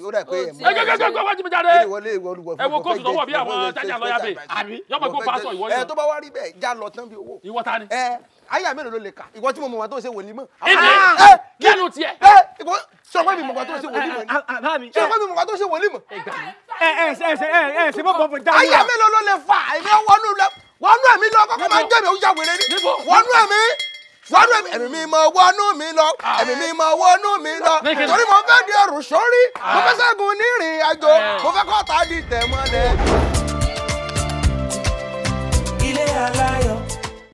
ó rẹ̀ pé ẹ̀mú ẹ̀ gẹ́gẹ́ gẹ́gẹ́ wájú mi jáde ẹ wo kóòtù tọwọ́ bí àwọn jájà lọ́ọ́yà bè àbí yọmọ kó bá sọ ìwọ yẹn. ẹ tó bá wá rí bẹ́ẹ̀ já lọ tán bí owó. ìwọ ta ni. ẹ ayé mélòó ló lè kà ìwọ tí mo mọ̀ wá tó ṣe wòlíì mọ́. èmi ah, eh, kẹ́nu tiẹ̀. ẹ eh, ìwọ sọgbọ́n mi mọ̀ wá tó ṣe wòlíì mọ́ ni. Ah, ah, sọgbọ́n eh. mi mọ̀ wá tó ṣe wòlíì mọ́. ẹ ẹ ẹ ẹ ẹ ṣe bọ́ bọ́ bọ́ já. ayé mélòó ló lè fa ẹ̀mí wọnú lọ wọnú ẹ̀mí lọ kọ́kọ́ máa ń jẹ́ mi ó yà wèrè ni wọnú ẹ̀mí wọnú ẹ̀mí mi mọ̀ wọnú mi lọ ẹ̀mí mi mọ̀ wọnú mi lọ torí mo f dẹrù sórí mo fẹ́ ah. ṣẹ́gun nírìn àjò eh. mo fẹ́ kọ́ ta di tẹ̀ mọ́lẹ̀.